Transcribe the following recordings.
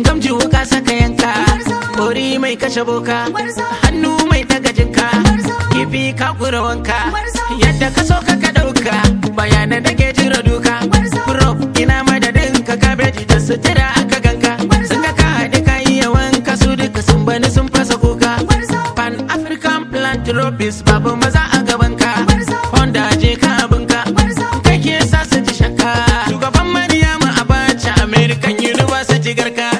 gamji wuka saka yanka kori mai kashe boka hannu mai daga jinka kifi ka kura wanka yadda ka so ka dauka bayanan da ke jira duka prof ina madadin ka kabeji da sutura aka ganka sun ka ka haɗe ka iya wanka su duka sun bani sun fasa kuka pan african plant philanthropist babu maza a gaban ka honda je ka abinka kai ke sa su ji shakka shugaban maryama abacha american university garka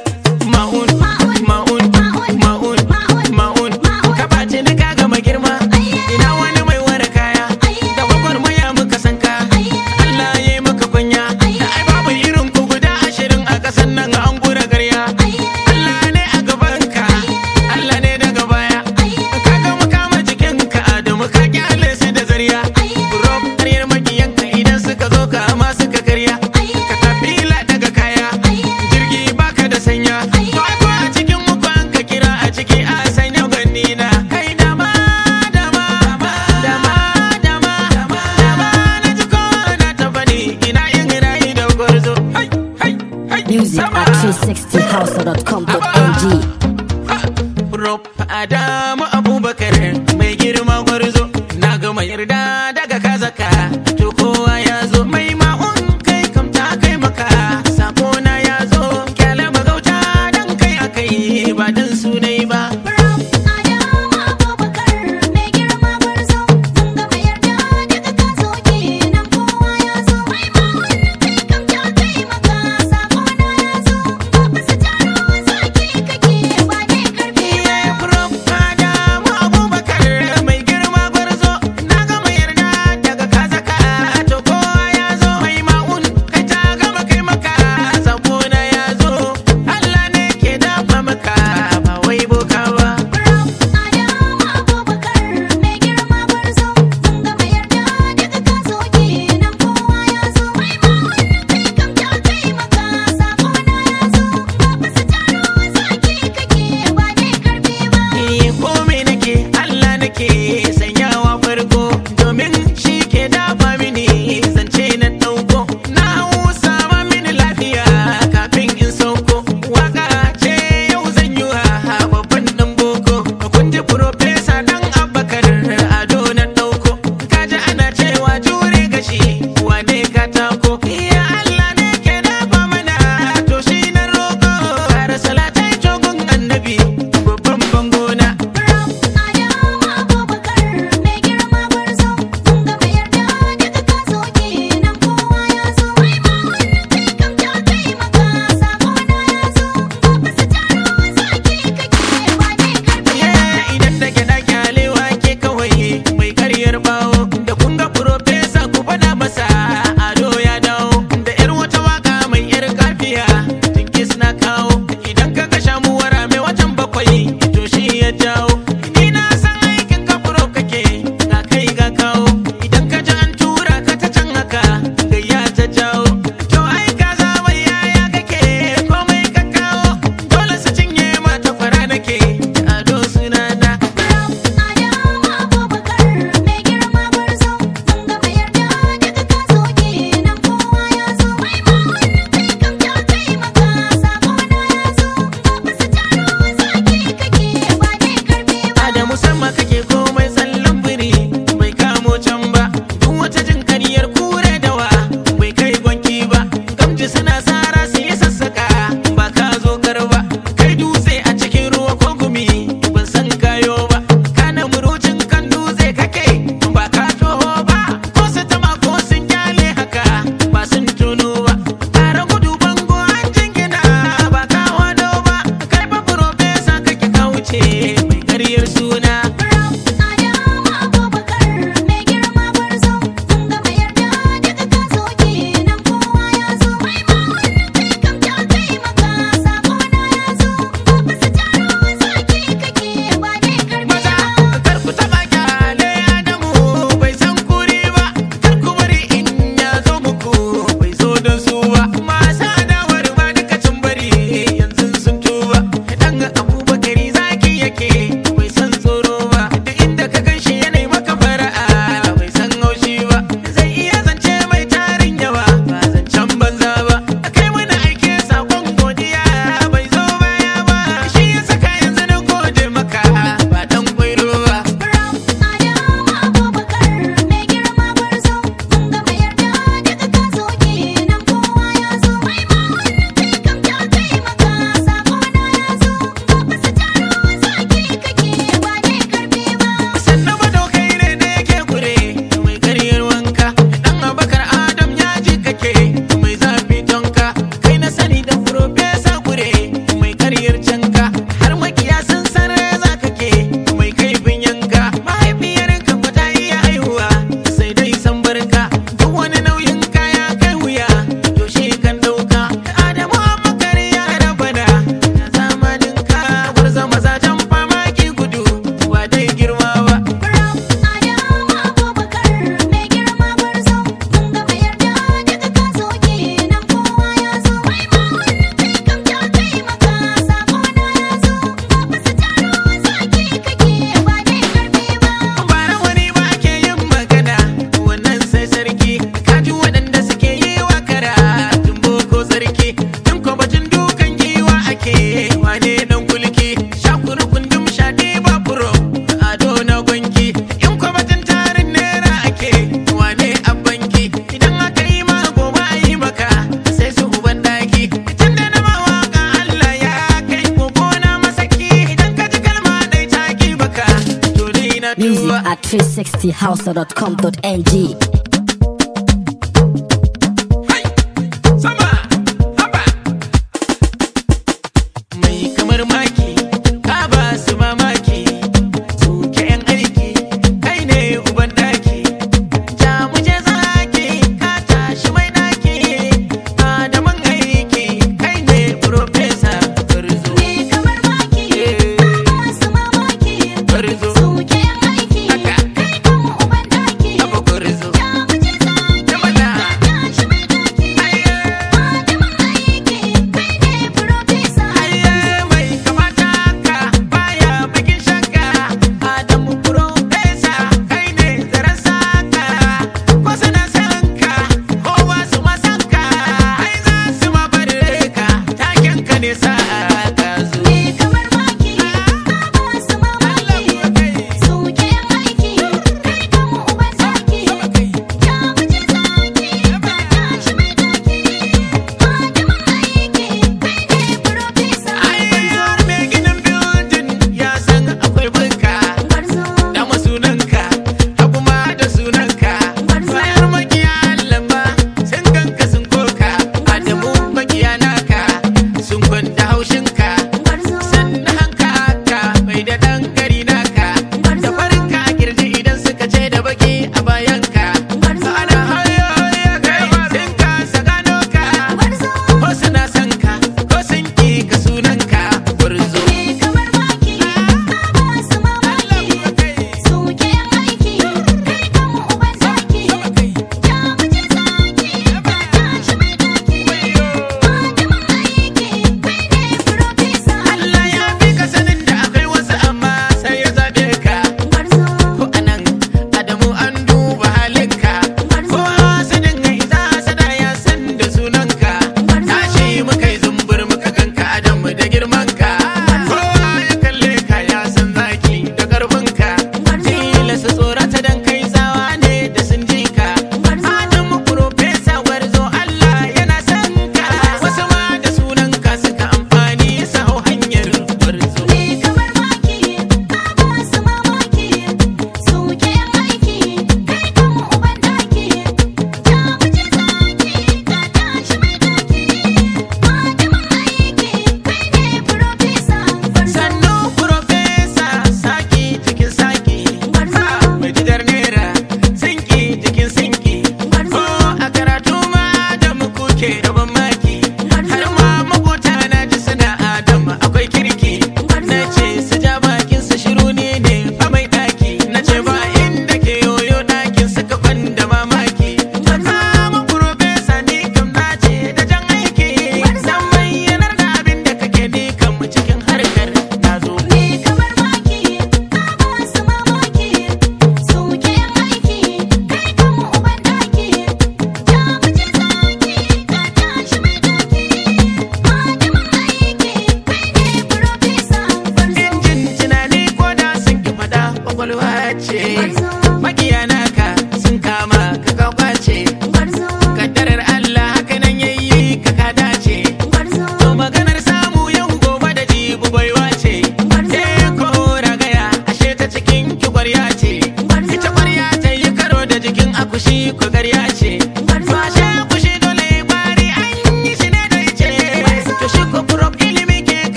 Music at 360house.com.ng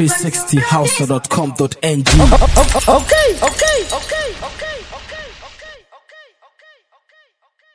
360house.com.ng. Okay, okay, okay, okay.